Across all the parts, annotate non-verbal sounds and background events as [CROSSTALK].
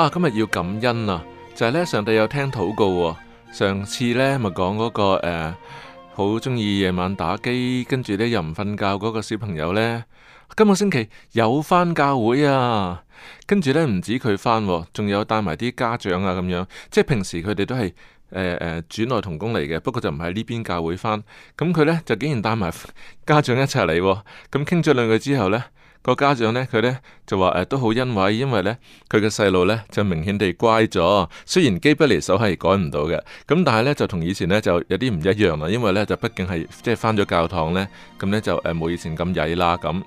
啊，今日要感恩啊，就係、是、呢。上帝有聽禱告、哦。上次呢咪講嗰、那個誒，好中意夜晚打機，跟住呢又唔瞓覺嗰個小朋友呢。今個星期有返教會啊，跟住呢唔止佢返、哦，仲有帶埋啲家長啊咁樣，即係平時佢哋都係誒誒主內同工嚟嘅，不過就唔喺呢邊教會返。咁、嗯、佢呢就竟然帶埋家長一齊嚟、哦，咁傾咗兩句之後呢。個家長呢，佢呢，就話誒、呃，都好欣慰，因為呢，佢嘅細路呢，就明顯地乖咗，雖然機不離手係改唔到嘅，咁但係呢，就同以前呢，就有啲唔一樣啦，因為呢，就畢竟係即係翻咗教堂呢，咁呢，就誒冇以前咁曳啦咁。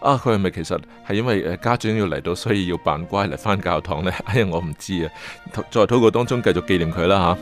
啊，佢係咪其實係因為家長要嚟到，所以要扮乖嚟翻教堂呢？哎呀，我唔知啊！在禱告當中繼續紀念佢啦吓。啊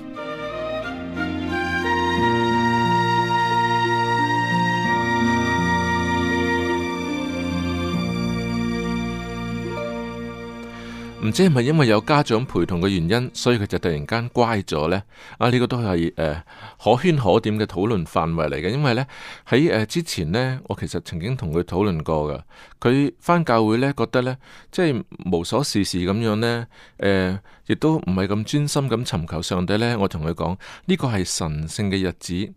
唔知係咪因為有家長陪同嘅原因，所以佢就突然間乖咗呢？啊，呢、這個都係誒、呃、可圈可點嘅討論範圍嚟嘅。因為呢，喺誒、呃、之前呢，我其實曾經同佢討論過噶。佢返教會呢，覺得呢，即係無所事事咁樣呢，誒、呃、亦都唔係咁專心咁尋求上帝呢。我同佢講呢個係神聖嘅日子，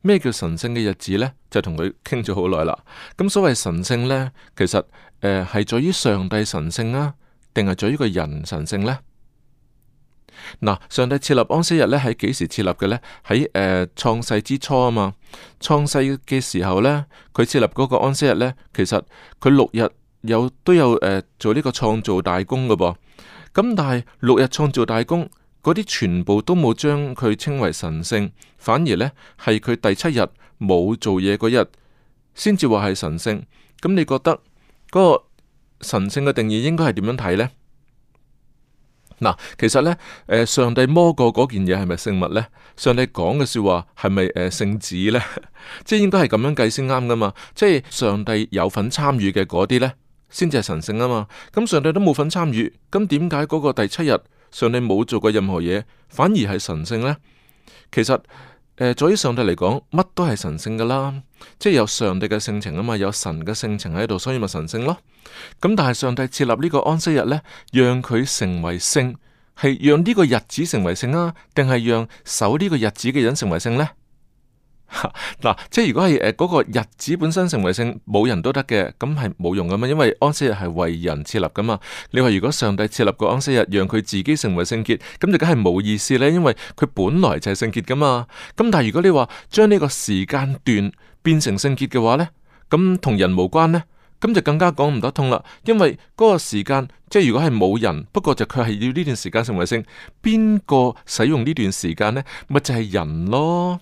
咩叫神聖嘅日子呢？就同佢傾咗好耐啦。咁所謂神聖呢，其實誒係、呃、在於上帝神聖啊。定係做呢個人神聖呢？嗱，上帝設立安息日呢，喺幾時設立嘅呢？喺誒創世之初啊嘛，創世嘅時候呢，佢設立嗰個安息日呢，其實佢六日有都有誒、呃、做呢個創造大功㗎噃。咁但係六日創造大功嗰啲全部都冇將佢稱為神聖，反而呢，係佢第七日冇做嘢嗰日先至話係神聖。咁你覺得、嗰個？神聖嘅定義應該係點樣睇呢？嗱，其實呢，上帝摸過嗰件嘢係咪聖物呢？上帝講嘅說話係咪誒聖旨呢？ [LAUGHS] 即係應該係咁樣計先啱噶嘛。即係上帝有份參與嘅嗰啲呢，先至係神聖啊嘛。咁上帝都冇份參與，咁點解嗰個第七日上帝冇做過任何嘢，反而係神聖呢？其實。誒，對於上帝嚟講，乜都係神聖噶啦，即係有上帝嘅性情啊嘛，有神嘅性情喺度，所以咪神聖咯。咁但係上帝設立呢個安息日咧，讓佢成為聖，係讓呢個日子成為聖啊，定係讓守呢個日子嘅人成為聖咧？嗱、啊，即係如果係誒嗰個日子本身成為聖，冇,人都得嘅，咁係冇用噶嘛因為安息日係為人設立噶嘛你話，如果上帝設立個安息日，讓佢自己成為聖潔，咁就梗係冇意思咧，因為佢本來就係聖潔噶嘛咁但係如果你話將呢個時間段變成聖潔嘅話咧，咁同人無關呢，咁就更加講唔得通啦。因為嗰個時間，即係如果係冇人，不過就佢係要呢段時間成為聖，邊個使用呢段時間呢？咪就係、是、人咯。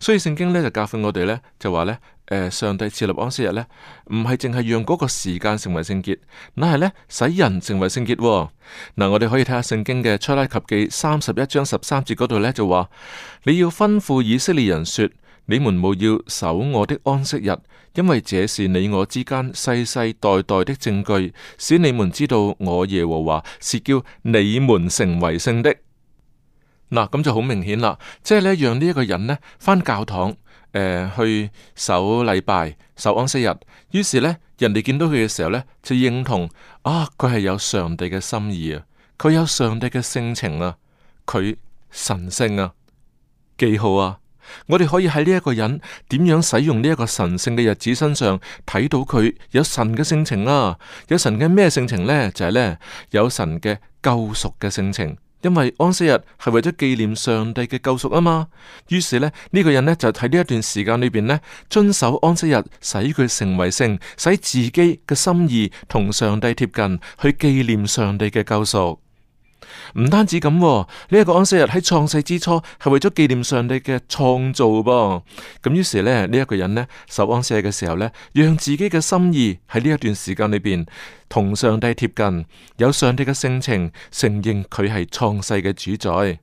所以聖經呢，就教訓我哋呢，就話呢，誒，上帝設立安息日呢，唔係淨係讓嗰個時間成為聖潔，乃係呢，使人成為聖潔，哦。嗱，我哋可以睇下聖經嘅出埃及記三十一章十三節嗰度呢，就話，你要吩咐以色列人說，你們務要守我的安息日，因為這是你我之間世世代代的證據，使你們知道我耶和華是叫你們成為聖的。嗱，咁就好明顯啦，即係咧，讓呢一個人咧返教堂，誒、呃，去守禮拜、守安息日。於是咧，人哋見到佢嘅時候咧，就認同啊，佢係有上帝嘅心意啊，佢有上帝嘅性情啊，佢神聖啊，幾好啊！我哋可以喺呢一個人點樣使用呢一個神聖嘅日子身上，睇到佢有神嘅性情啊。有神嘅咩性情咧，就係、是、咧有神嘅救贖嘅性情。因為安息日係為咗紀念上帝嘅救贖啊嘛，於是咧呢、呢個人呢，就喺呢一段時間裏邊呢，遵守安息日，使佢成為聖，使自己嘅心意同上帝貼近，去紀念上帝嘅救贖。唔單止咁、哦，呢、這、一個安息日喺創世之初係為咗紀念上帝嘅創造噃、哦。咁於是呢，呢、這、一個人呢守安息嘅時候咧，讓自己嘅心意喺呢一段時間裏邊同上帝貼近，有上帝嘅性情，承認佢係創世嘅主宰。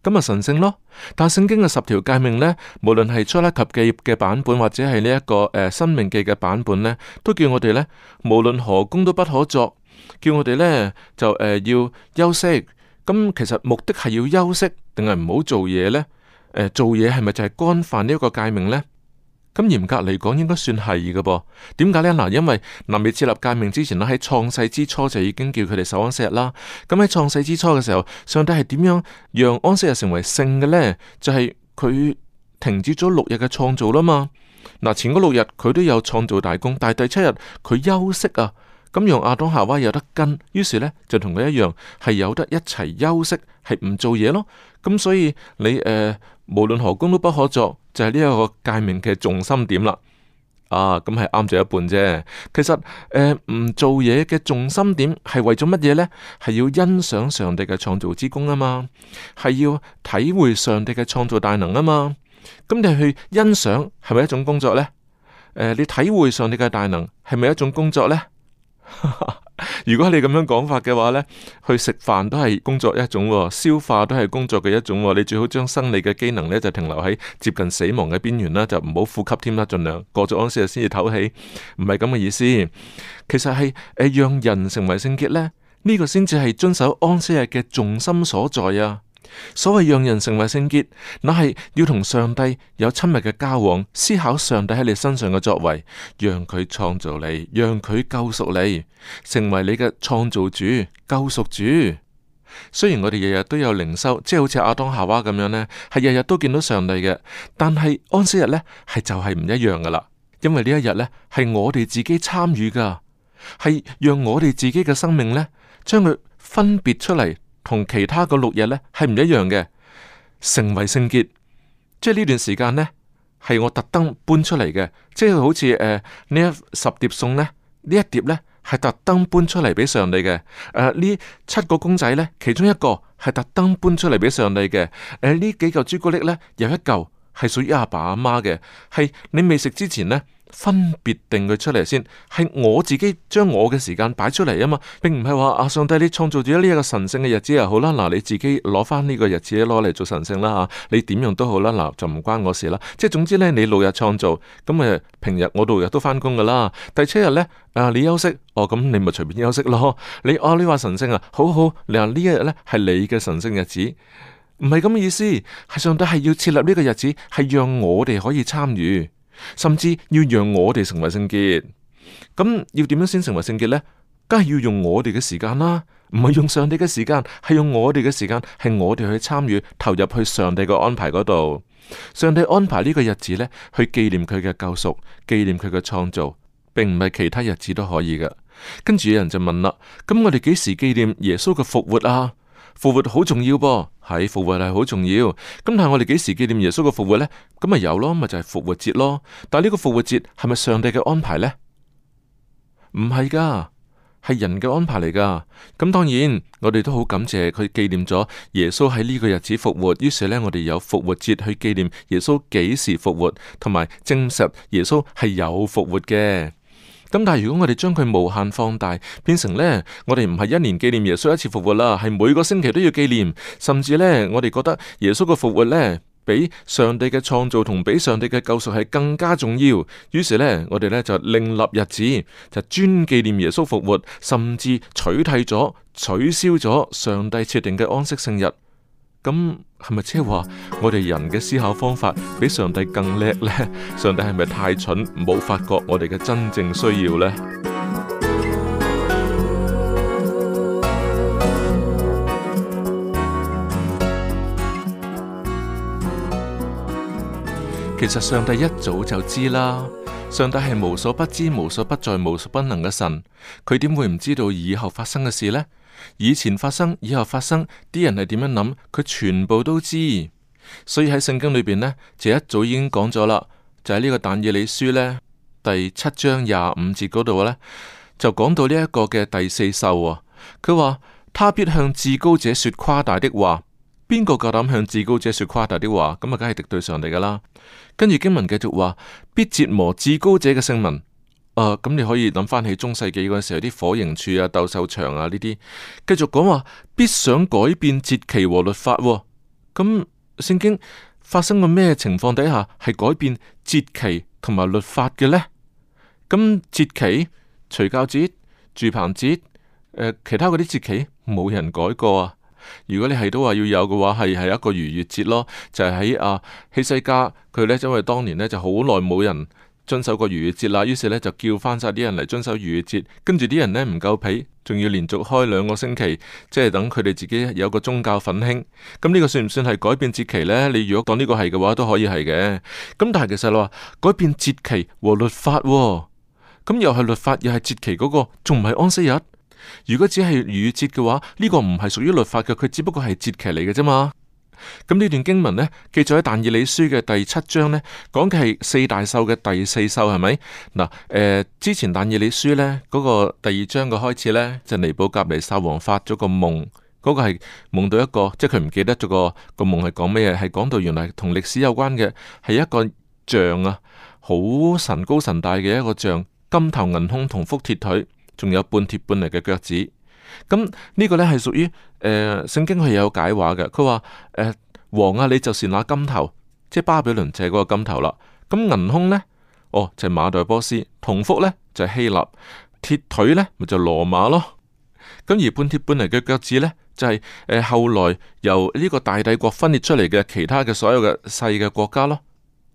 咁啊，神聖咯。但係聖經嘅十條誡命呢，無論係出埃及記嘅版本或者係呢一個誒申、呃、命記嘅版本呢，都叫我哋呢，無論何工都不可作。叫我哋呢，就誒、呃、要休息，咁、嗯、其實目的係要休息，定係唔好做嘢呢？做嘢係咪就係干犯呢一個誡命咧？咁嚴格嚟講，應該算係㗎噃。點解呢？嗱、嗯呃，因為難、呃、未設立誡命之前咧，喺創世之初就已經叫佢哋守安息日啦。咁喺創世之初嘅時候，上帝係點樣讓安息日成為聖嘅呢？就係、是、佢停止咗六日嘅創造啦嘛。嗱、呃，前嗰六日佢都有創造大功，但係第七日佢休息啊。咁讓亞當夏娃有得跟，於是呢，就同佢一樣係有得一齊休息，係唔做嘢咯。咁所以你誒、呃，無論何工都不可作，就係呢一個誡命嘅重心點啦。啊，咁係啱咗一半啫。其實誒，唔、呃、做嘢嘅重心點係為咗乜嘢呢？係要欣賞上帝嘅創造之功啊嘛，係要體會上帝嘅創造大能啊嘛。咁你去欣賞係咪一種工作呢？誒、呃，你體會上帝嘅大能係咪一種工作呢？ [LAUGHS] 如果你咁樣講法嘅話呢，去食飯都係工作一種，消化都係工作嘅一種。你最好將生理嘅機能呢就停留喺接近死亡嘅邊緣啦，就唔好呼吸添啦，盡量過咗安息日先至唞氣，唔係咁嘅意思。其實係誒，讓人成為聖潔呢，呢、呢個先至係遵守安息日嘅重心所在啊。所謂讓人成為聖潔，那係要同上帝有親密嘅交往，思考上帝喺你身上嘅作為，讓佢創造你，讓佢救贖你，成為你嘅創造主、救贖主。雖然我哋日日都有靈修，即係好似阿當夏娃咁樣，呢係日日都見到上帝嘅，但係安息日呢係就係唔一樣噶啦，因為呢一日呢係我哋自己參與噶，係讓我哋自己嘅生命呢將佢分別出嚟。同其他嗰六日呢係唔一樣嘅，成為聖潔，即係呢段時間呢，係我特登搬出嚟嘅，即係好似呢一十碟餸呢，呢一碟呢係特登搬出嚟俾上帝嘅，呢、呃、七個公仔呢，其中一個係特登搬出嚟俾上帝嘅，呢、呃、幾嚿朱古力呢，有一嚿係屬於阿爸阿媽嘅，係你未食之前呢。分別定佢出嚟先，係我自己將我嘅時間擺出嚟啊嘛，並唔係話啊，上帝你創造咗呢一個神聖嘅日子就好啦，嗱，你自己攞翻呢個日子攞嚟做神聖啦吓，你點用都好啦，嗱，就唔關我事啦。即係總之咧，你六日創造咁誒，平日我六日都翻工噶啦，第七日咧，啊，你休息哦，咁你咪隨便休息咯。你哦、啊，你話神聖啊好好，你話呢一日咧係你嘅神聖日子，唔係咁嘅意思，係上帝係要設立呢個日子係讓我哋可以參與。甚至要讓我哋成為聖潔，咁要點樣先成為聖潔呢？梗係要用我哋嘅時間啦，唔係用上帝嘅時間，係用我哋嘅時間，係我哋去參與、投入去上帝嘅安排嗰度。上帝安排呢個日子呢，去紀念佢嘅救贖、紀念佢嘅創造，並唔係其他日子都可以嘅。跟住有人就問啦：咁我哋幾時紀念耶穌嘅復活啊？復活好重要噃，係，復活係好重要。咁但係我哋幾時紀念耶穌嘅復活呢？咁咪有咯，咪就係復活節咯。但係呢個復活節係咪上帝嘅安排呢？唔係噶，係人嘅安排嚟噶。咁當然我哋都好感謝佢紀念咗耶穌喺呢個日子復活。於是呢，我哋有復活節去紀念耶穌幾時復活，同埋證實耶穌係有復活嘅。咁但係如果我哋將佢無限放大，變成咧，我哋唔係一年紀念耶穌一次復活啦，係每個星期都要紀念，甚至咧，我哋覺得耶穌嘅復活咧，比上帝嘅創造同比上帝嘅救贖係更加重要，於是咧，我哋咧就另立日子，就專紀念耶穌復活，甚至取締咗、取消咗上帝設定嘅安息聖日。咁係咪即係話我哋人嘅思考方法比上帝更叻呢？上帝係咪太蠢，冇發覺我哋嘅真正需要呢？其實上帝一早就知啦。上帝係無所不知、無所不在、無所不能嘅神，佢點會唔知道以後發生嘅事呢？以前發生，以後發生，啲人係點樣諗，佢全部都知。所以喺聖經裏邊呢，就一早已經講咗啦，就喺呢個但以理書呢，第七章廿五節嗰度呢，就講到呢一個嘅第四獸啊。佢話，他必向至高者說誇大的話。邊個夠膽向至高者說誇大的話？咁啊，梗係敵對上嚟噶啦。跟住經文繼續話，必折磨至高者嘅聖民。誒，咁、啊、你可以諗翻起中世紀嗰陣時啲火刑柱啊、鬥獸場啊呢啲，繼續講話必想改變節期和律法、啊。咁、嗯、聖經發生過咩情況底下係改變節期同埋律法嘅呢？咁節期除酵節、住棚節，誒、呃，其他嗰啲節期冇人改過啊。如果你係都話要有嘅話，係係一個逾越節咯，就係喺阿希西家佢呢，因為當年呢就好耐冇人。遵守個逾越節啦，於是咧就叫翻晒啲人嚟遵守逾越節，跟住啲人呢唔夠皮，仲要連續開兩個星期，即係等佢哋自己有個宗教奮興。咁呢個算唔算係改變節期呢？你如果當呢個係嘅話，都可以係嘅。咁但係其實話改變節期和律法喎、哦，咁又係律法，又係節期嗰、那個，仲唔係安息日？如果只係逾越節嘅話，呢、這個唔係屬於律法嘅，佢只不過係節期嚟嘅啫嘛。咁呢段經文呢，記載喺但以理書嘅第七章呢，講嘅係四大獸嘅第四獸，係咪？嗱，誒，之前但以理書呢嗰、那個第二章嘅開始呢，就尼布甲尼撒王發咗個夢，嗰、那個係夢到一個，即係佢唔記得咗個個夢係講咩嘢，係講到原來同歷史有關嘅，係一個像啊，好神高神大嘅一個像，金頭銀胸銅腹鐵腿，仲有半鐵半泥嘅腳趾，咁呢個呢，係屬於。誒，聖經佢有解話嘅，佢話誒，王啊，你就是那金頭，即係巴比倫就係嗰個金頭啦。咁銀胸呢？哦，就係、是、馬代波斯；銅腹呢，就係、是、希臘；鐵腿呢，咪就是、羅馬咯。咁而半鐵半泥嘅腳趾呢，就係、是、誒、呃，後來由呢個大帝國分裂出嚟嘅其他嘅所有嘅細嘅國家咯。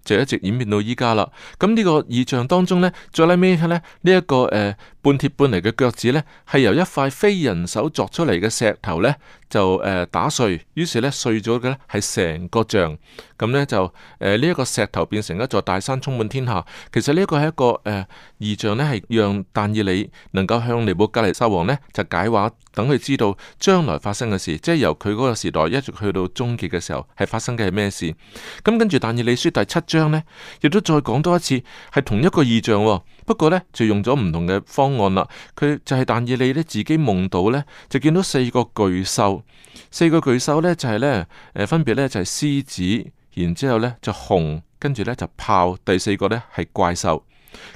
就一直演變到依家啦。咁呢個異象當中咧，再拉尾咧，這個呃、半半呢一個誒半鐵半泥嘅腳趾咧，係由一塊非人手作出嚟嘅石頭咧，就誒、呃、打碎，於是咧碎咗嘅咧係成個像。咁咧就誒呢一個石頭變成一座大山，充滿天下。其實呢一個係一個誒異象咧，係讓但以理能夠向尼布甲尼撒王咧就解話等佢知道將來發生嘅事，即係由佢嗰個時代一直去到終結嘅時候係發生嘅係咩事。咁跟住但以理書第七。將咧亦都再講多一次，係同一個異象、哦，不過呢，就用咗唔同嘅方案啦。佢就係但以理呢自己夢到呢，就見到四個巨獸，四個巨獸呢，就係、是、呢，呃、分別呢就係、是、獅子，然之後咧就熊，跟住呢就豹，第四個呢係怪獸。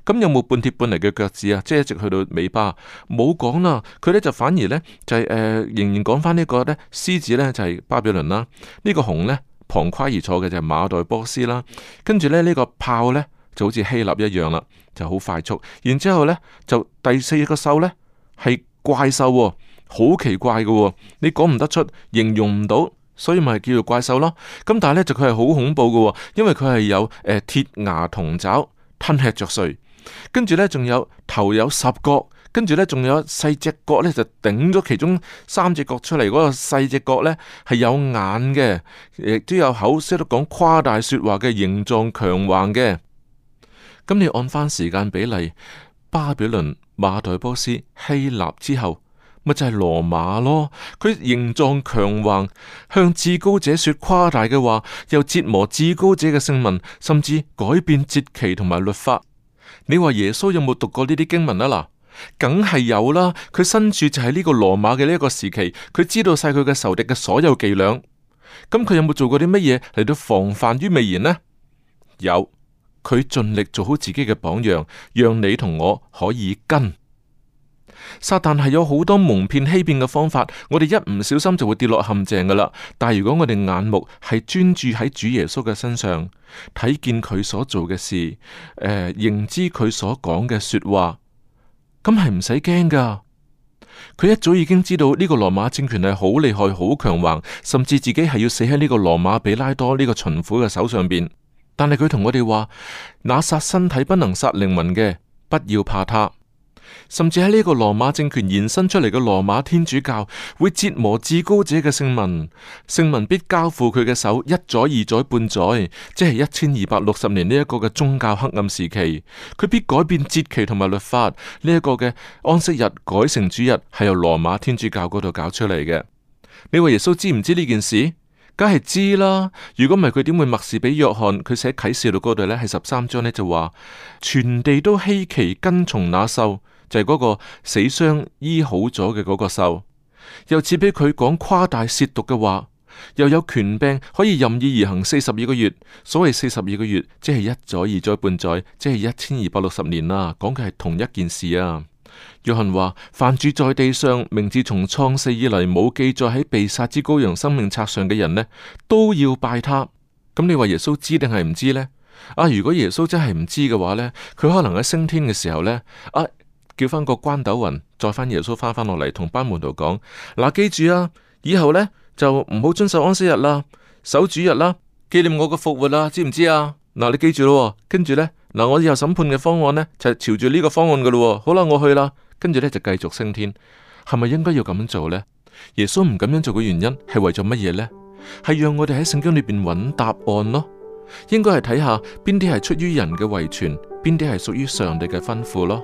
咁有冇半鐵半泥嘅腳趾啊？即係一直去到尾巴，冇講啦。佢呢就反而呢，就係、是呃、仍然講返呢個呢獅子呢，就係、是、巴比倫啦，呢、這個熊呢。旁跨而坐嘅就馬代波斯啦，跟住咧呢、呢個炮呢，就好似希臘一樣啦，就好快速。然之後咧就第四個獸呢，係怪獸、哦，好奇怪嘅、哦，你講唔得出，形容唔到，所以咪叫做怪獸咯。咁但係呢，就佢係好恐怖嘅、哦，因為佢係有誒、呃、鐵牙銅爪吞吃嚼碎，跟住呢，仲有頭有十角。跟住呢，仲有細隻角呢，就頂咗其中三隻角出嚟。嗰個細隻角呢，係有眼嘅，亦都有口，識得講誇大說話嘅形狀強橫嘅。咁你按翻時間比例，巴比倫、馬代波斯、希臘之後，咪就係羅馬咯。佢形狀強橫，向至高者說誇大嘅話，又折磨至高者嘅聖民，甚至改變節期同埋律法。你話耶穌有冇讀過呢啲經文啊？嗱。梗係有啦。佢身處就係呢個羅馬嘅呢一個時期，佢知道晒佢嘅仇敵嘅所有伎倆。咁佢有冇做過啲乜嘢嚟到防範於未然呢？有。佢盡力做好自己嘅榜樣，讓你同我可以跟。撒旦係有好多蒙騙欺騙嘅方法。我哋一唔小心就會跌落陷阱噶啦。但係如果我哋眼目係專注喺主耶穌嘅身上，睇見佢所做嘅事，誒、呃，認知佢所講嘅說話。咁係唔使驚噶，佢一早已經知道呢個羅馬政權係好厲害、好強橫，甚至自己係要死喺呢個羅馬比拉多呢個巡撫嘅手上邊。但係佢同我哋話：「那殺身體不能殺靈魂嘅，不要怕他。甚至喺呢個羅馬政權延伸出嚟嘅羅馬天主教會折磨至高者嘅聖民，聖民必交付佢嘅手一載二載半載，即係一千二百六十年呢一個嘅宗教黑暗時期，佢必改變節期同埋律法呢一個嘅安息日改成主日，係由羅馬天主教嗰度搞出嚟嘅。你話耶穌知唔知呢件事？梗係知啦。如果唔係佢點會默示俾約翰佢寫啟示錄嗰度呢係十三章呢就話，全地都稀奇跟從那獸。就係嗰個死傷醫好咗嘅嗰個獸，又似俾佢講誇大褻瀆嘅話，又有權柄可以任意而行四十二個月。所謂四十二個月，即係一載、二載、半載，即係一千二百六十年啦、啊。講嘅係同一件事啊。約翰話：凡住在地上，名字從創世以嚟冇記載喺被殺之羔羊生命冊上嘅人呢，都要拜他。咁你話耶穌知定係唔知呢？啊，如果耶穌真係唔知嘅話呢，佢可能喺升天嘅時候呢，啊。叫翻個關斗雲，再返耶穌翻返落嚟，同班門徒講：嗱，記住啊，以後呢就唔好遵守安息日啦，守主日啦，紀念我嘅復活啦，知唔知啊？嗱，你記住咯，跟住呢，嗱，我以後審判嘅方案呢，就係朝住呢個方案噶咯。好啦，我去啦，跟住呢，就繼續升天，係咪應該要咁樣做呢？耶穌唔咁樣做嘅原因係為咗乜嘢呢？係讓我哋喺聖經裏邊揾答案咯，應該係睇下邊啲係出於人嘅遺傳，邊啲係屬於上帝嘅吩咐咯。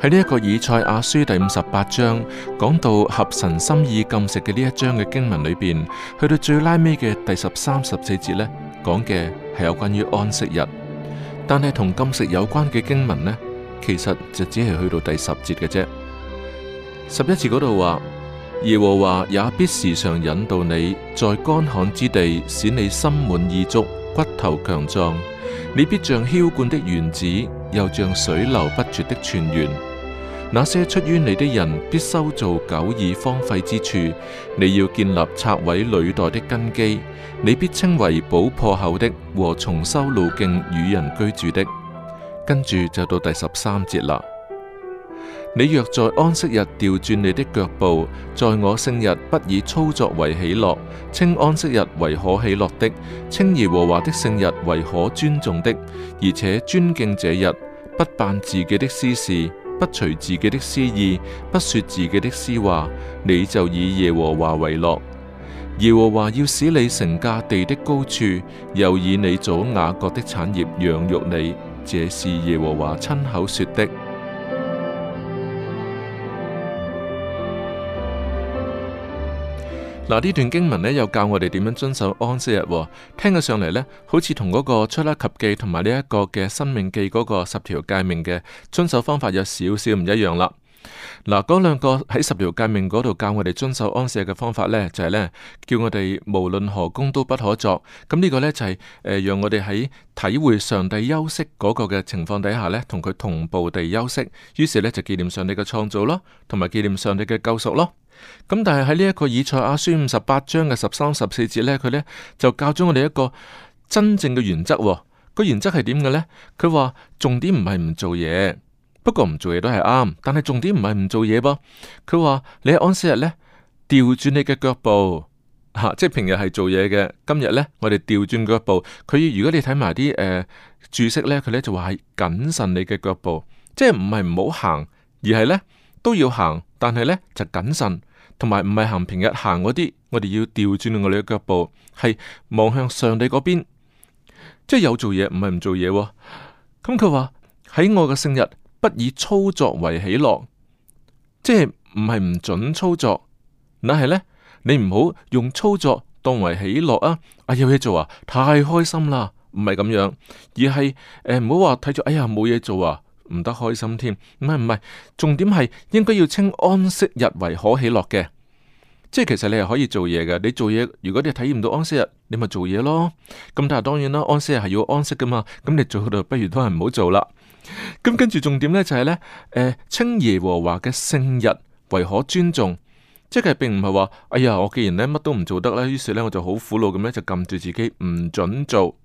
喺呢一個以賽亞書第五十八章講到合神心意禁食嘅呢一章嘅經文裏邊，去到最拉尾嘅第十三、十四節呢，講嘅係有關於安息日，但係同禁食有關嘅經文呢，其實就只係去到第十節嘅啫。十一節嗰度話，耶和華也必時常引導你，在乾旱之地使你心滿意足，骨頭強壯，你必像澆灌的園子，又像水流不絕的泉源。那些出於你的人必修造久已荒廢之處，你要建立拆毀累代的根基。你必稱為補破口的和重修路徑與人居住的。跟住就到第十三節啦。你若在安息日調轉你的腳步，在我聖日不以操作為喜樂，稱安息日為可喜樂的，稱耶和華的聖日為可尊重的，而且尊敬這日，不辦自己的私事。不隨自己的私意，不說自己的私話，你就以耶和華為樂。耶和華要使你成家地的高處，又以你祖雅各的產業養育你，這是耶和華親口說的。嗱，呢段經文咧又教我哋點樣遵守安息日喎，聽咗上嚟咧，好似同嗰個出埃及記同埋呢一個嘅生命記嗰個十條誡命嘅遵守方法有少少唔一樣啦。嗱，嗰兩個喺十條誡命嗰度教我哋遵守安舍嘅方法呢，就係呢，叫我哋無論何工都不可作。咁呢個呢，就係誒，讓我哋喺體會上帝休息嗰個嘅情況底下呢，同佢同步地休息。於是呢，就紀念上帝嘅創造咯，同埋紀念上帝嘅救贖咯。咁但係喺呢一個以賽亞書五十八章嘅十三十四節呢，佢呢，就教咗我哋一個真正嘅原則。個原則係點嘅呢？佢話重點唔係唔做嘢。不過唔做嘢都係啱，但係重點唔係唔做嘢噃。佢話你喺安息日呢，調轉你嘅腳步，吓、啊，即係平日係做嘢嘅，今日呢，我哋調轉腳步。佢如果你睇埋啲誒註釋呢，佢呢就話係謹慎你嘅腳步，即係唔係唔好行，而係呢，都要行，但係呢，就謹慎，同埋唔係行平日行嗰啲，我哋要調轉我哋嘅腳步，係望向上帝嗰邊，即係有做嘢，唔係唔做嘢。咁佢話喺我嘅聖日，不以操作為喜樂，即係唔係唔準操作，但係呢，你唔好用操作當為喜樂啊。啊、哎，有嘢做啊，太開心啦，唔係咁樣，而係唔好話睇住哎呀冇嘢做啊，唔得開心添。唔係唔係，重點係應該要稱安息日為可喜樂嘅，即係其實你係可以做嘢嘅。你做嘢如果你體驗到安息日。你咪做嘢咯，咁但係當然啦，安息係要安息噶嘛，咁你做到不如都係唔好做啦。咁跟住重點呢就係、是、呢，誒、呃，清耶和華嘅聖日為可尊重，即係並唔係話，哎呀，我既然呢乜都唔做得啦，於是呢，我就好苦惱咁呢就撳住自己唔准做。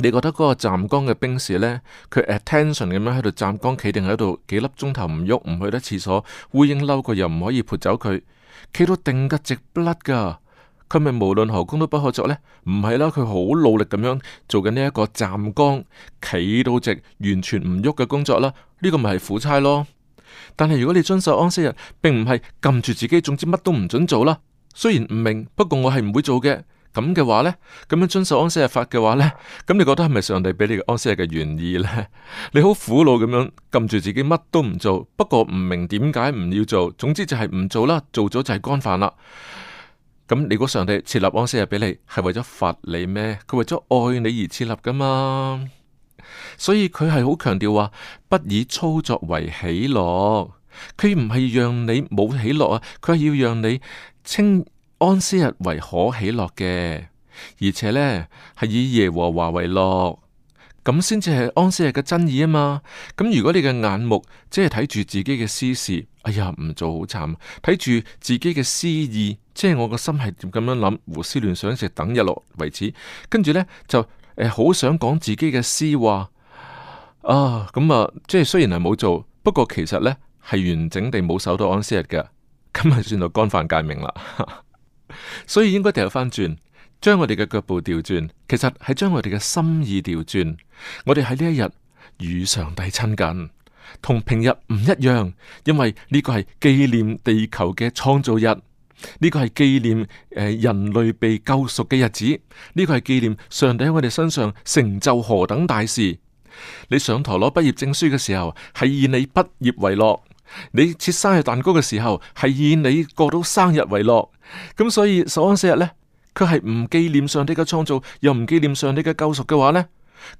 你覺得嗰個站崗嘅兵士呢，佢 attention 咁樣喺度站崗，企定喺度幾粒鐘頭唔喐唔去得廁所，烏蠅嬲過又唔可以潑走佢，企到定得直不甩噶。佢咪無論何工都不可作呢？唔係啦，佢好努力咁樣做緊呢一個站崗企到直完全唔喐嘅工作啦。呢個咪係苦差咯。但係如果你遵守安息日，並唔係撳住自己，總之乜都唔准做啦。雖然唔明，不過我係唔會做嘅。咁嘅話呢，咁樣遵守安息日法嘅話呢，咁你覺得係咪上帝俾你嘅安息日嘅原意呢？你好苦惱咁樣撳住自己乜都唔做，不過唔明點解唔要做，總之就係唔做啦。做咗就係乾飯啦。咁你嗰上帝設立安息日俾你係為咗罰你咩？佢為咗愛你而設立噶嘛？所以佢係好強調話不以操作為喜樂，佢唔係讓你冇喜樂啊，佢係要讓你稱安息日為可喜樂嘅，而且呢，係以耶和華為樂，咁先至係安息日嘅真義啊嘛！咁如果你嘅眼目只係睇住自己嘅私事，哎呀唔做好慘，睇住自己嘅私意。即係我個心係點咁樣諗，胡思亂想，直等日落為止。跟住呢，就好、呃、想講自己嘅私話啊。咁啊，即係雖然係冇做，不過其實呢，係完整地冇守到安息日嘅，咁係算到干犯誡命。啦所以應該掉翻轉，將我哋嘅腳步調轉，其實係將我哋嘅心意調轉。我哋喺呢一日與上帝親近，同平日唔一樣，因為呢個係紀念地球嘅創造日。呢個係紀念誒人類被救贖嘅日子，呢個係紀念上帝喺我哋身上成就何等大事。你上台攞畢業證書嘅時候，係以你畢業為樂；你切生日蛋糕嘅時候，係以你過到生日為樂。咁所以守安息日呢，佢係唔紀念上帝嘅創造，又唔紀念上帝嘅救贖嘅話呢。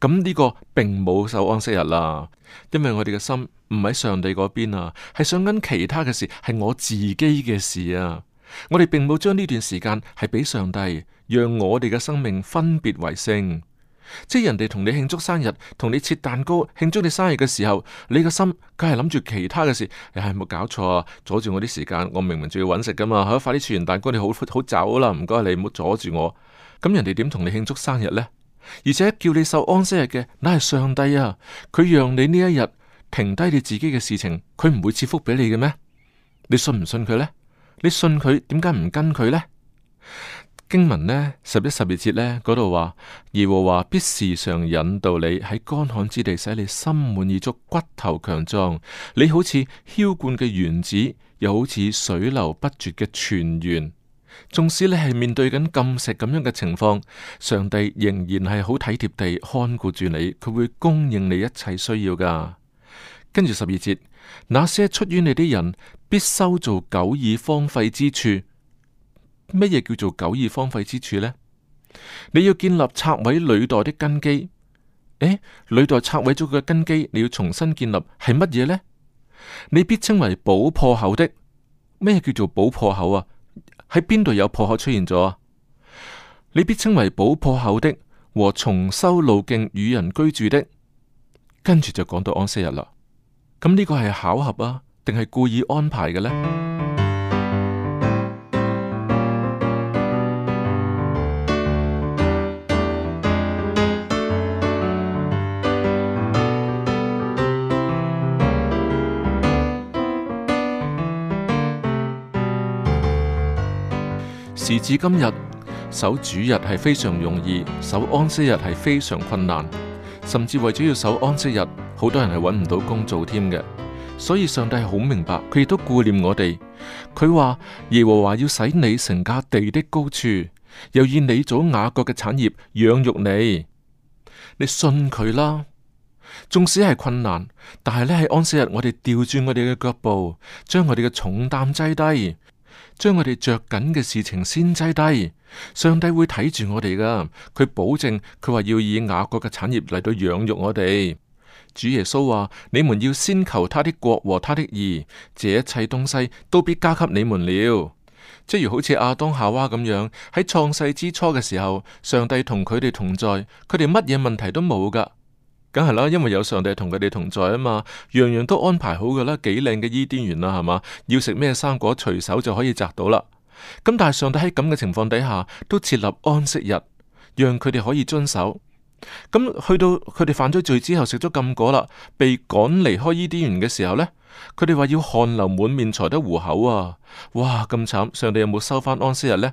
咁呢個並冇守安息日啦。因為我哋嘅心唔喺上帝嗰邊啊，係想緊其他嘅事，係我自己嘅事啊。我哋並冇將呢段時間係俾上帝，讓我哋嘅生命分別為聖，即係人哋同你慶祝生日，同你切蛋糕慶祝你生日嘅時候，你個心梗係諗住其他嘅事，你係冇搞錯，啊，阻住我啲時間，我明明仲要揾食噶嘛，吓、嗯、快啲切完蛋糕你好好，好走啦，唔該你，唔好阻住我。咁人哋點同你慶祝生日呢？而且叫你受安息日嘅，乃係上帝啊，佢讓你呢一日停低你自己嘅事情，佢唔會賜福俾你嘅咩？你信唔信佢呢？你信佢，點解唔跟佢呢？經文呢十一、十二節呢嗰度話，耶和華必時常引導你喺乾旱之地，使你心滿意足，骨頭強壯。你好似澆灌嘅園子，又好似水流不絕嘅泉源。縱使你係面對緊禁食咁樣嘅情況，上帝仍然係好體貼地看顧住你，佢會供應你一切需要噶。跟住十二節。那些出於你的人必修造久已荒廢之處，乜嘢叫做久已荒廢之處呢？你要建立拆毀履代的根基。誒，履代拆毀咗佢嘅根基，你要重新建立係乜嘢呢？你必稱為補破口的。咩叫做補破口啊？喺邊度有破口出現咗？你必稱為補破口的和重修路徑與人居住的。跟住就講到安息日啦。咁呢個係巧合啊，定係故意安排嘅呢？時至今日，守主日係非常容易，守安息日係非常困難。甚至為咗要守安息日，好多人係揾唔到工做添嘅，所以上帝係好明白，佢亦都顧念我哋。佢話，耶和華要使你乘駕地的高處，又以你祖雅各嘅產業養育你。你信佢啦，縱使係困難，但係呢，喺安息日我哋調轉我哋嘅腳步，將我哋嘅重擔擠低。將我哋着緊嘅事情先擠低，上帝會睇住我哋噶，佢保證，佢話要以雅各嘅產業嚟到養育我哋。主耶穌話：你們要先求他的國和他的義，這一切東西都必加給你們了。即係好似亞當夏娃咁樣，喺創世之初嘅時候，上帝同佢哋同在，佢哋乜嘢問題都冇噶。梗係啦，因為有上帝同佢哋同在啊嘛，樣樣都安排好噶啦，幾靚嘅伊甸園啦，係嘛？要食咩生果，隨手就可以摘到啦。咁但係上帝喺咁嘅情況底下，都設立安息日，讓佢哋可以遵守。咁、嗯、去到佢哋犯咗罪之後，食咗禁果啦，被趕離開伊甸園嘅時候呢，佢哋話要汗流滿面才得糊口啊！哇，咁慘，上帝有冇收返安息日呢？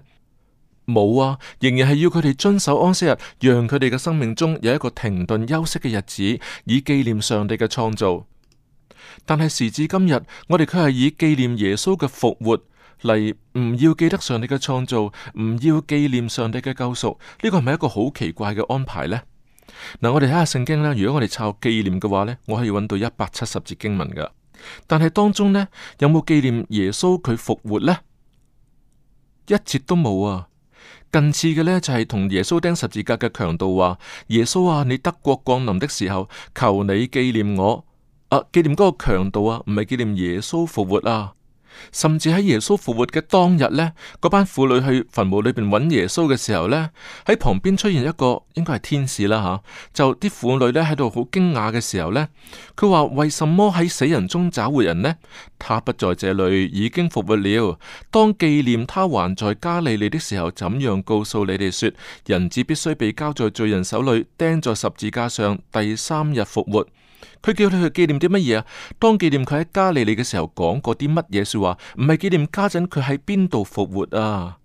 冇啊，仍然係要佢哋遵守安息日，讓佢哋嘅生命中有一個停頓休息嘅日子，以紀念上帝嘅創造。但係時至今日，我哋卻係以紀念耶穌嘅復活嚟，唔要記得上帝嘅創造，唔要紀念上帝嘅救贖，呢、這個係咪一個好奇怪嘅安排呢？嗱、嗯，我哋睇下聖經啦。如果我哋抄紀念嘅話呢，我可以揾到一百七十節經文噶，但係當中呢，有冇紀念耶穌佢復活呢？一節都冇啊！近次嘅呢，就係同耶穌釘十字架嘅強盜話，耶穌啊，你得國降臨的時候，求你紀念我，啊，紀念嗰個強盜啊，唔係紀念耶穌復活啊。甚至喺耶穌復活嘅當日呢，嗰班婦女去墳墓裏邊揾耶穌嘅時候呢，喺旁邊出現一個應該係天使啦吓，就啲婦女呢，喺度好驚訝嘅時候呢，佢話：為什麼喺死人中找活人呢？他不在這裏，已經復活了。當紀念他還在加利利的時候，怎樣告訴你哋說，人子必須被交在罪人手裏，釘在十字架上，第三日復活。佢叫你去紀念啲乜嘢啊？當紀念佢喺加利利嘅時候講過啲乜嘢說話，唔係紀念家陣佢喺邊度復活啊？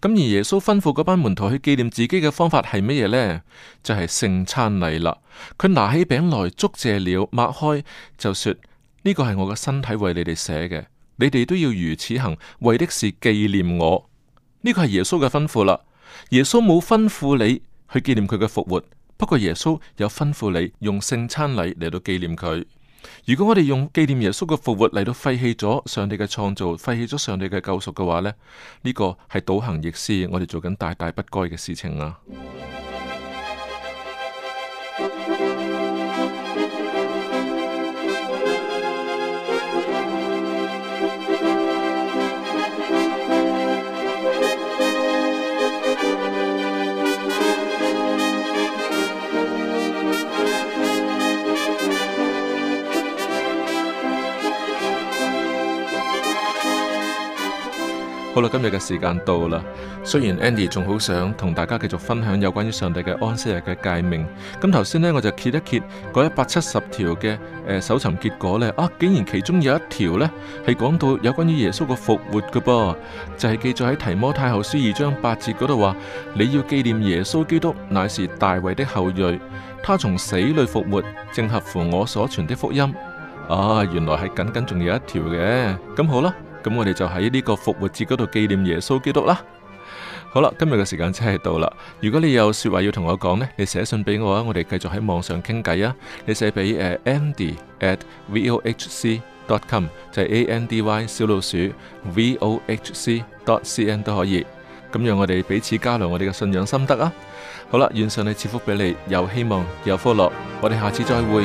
咁而耶穌吩咐嗰班門徒去紀念自己嘅方法係乜嘢呢？就係聖餐禮啦。佢拿起餅來，祝謝了，擘開就說：呢個係我嘅身體，為你哋寫嘅，你哋都要如此行，為的是紀念我。呢個係耶穌嘅吩咐啦。耶穌冇吩咐你去紀念佢嘅復活。不過耶穌有吩咐你用聖餐禮嚟到紀念佢。如果我哋用紀念耶穌嘅復活嚟到廢棄咗上帝嘅創造、廢棄咗上帝嘅救贖嘅話咧，呢、呢個係倒行逆施，我哋做緊大大不該嘅事情啊！好啦，今日嘅時間到啦。雖然 Andy 仲好想同大家繼續分享有關於上帝嘅安息日嘅誡命，咁頭先呢，我就揭一揭嗰一百七十條嘅誒、呃、搜尋結果呢啊，竟然其中有一條呢，係講到有關於耶穌嘅復活嘅噃，就係、是、記載喺提摩太後書二章八節嗰度話：你要紀念耶穌基督，乃是大衛的後裔，他從死裏復活，正合乎我所傳的福音。啊，原來係僅僅仲有一條嘅，咁、啊、好啦。咁我哋就喺呢個復活節嗰度紀念耶穌基督啦。好啦，今日嘅時間真係到啦。如果你有說話要同我講呢，你寫信俾我啊。我哋繼續喺網上傾偈啊。你寫俾誒 Andy at vohc.com 就係 Andy 小老鼠 vohc.cn 都可以。咁讓我哋彼此交流我哋嘅信仰心得啊。好啦，願上帝賜福俾你，有希望，有歡樂。我哋下次再會。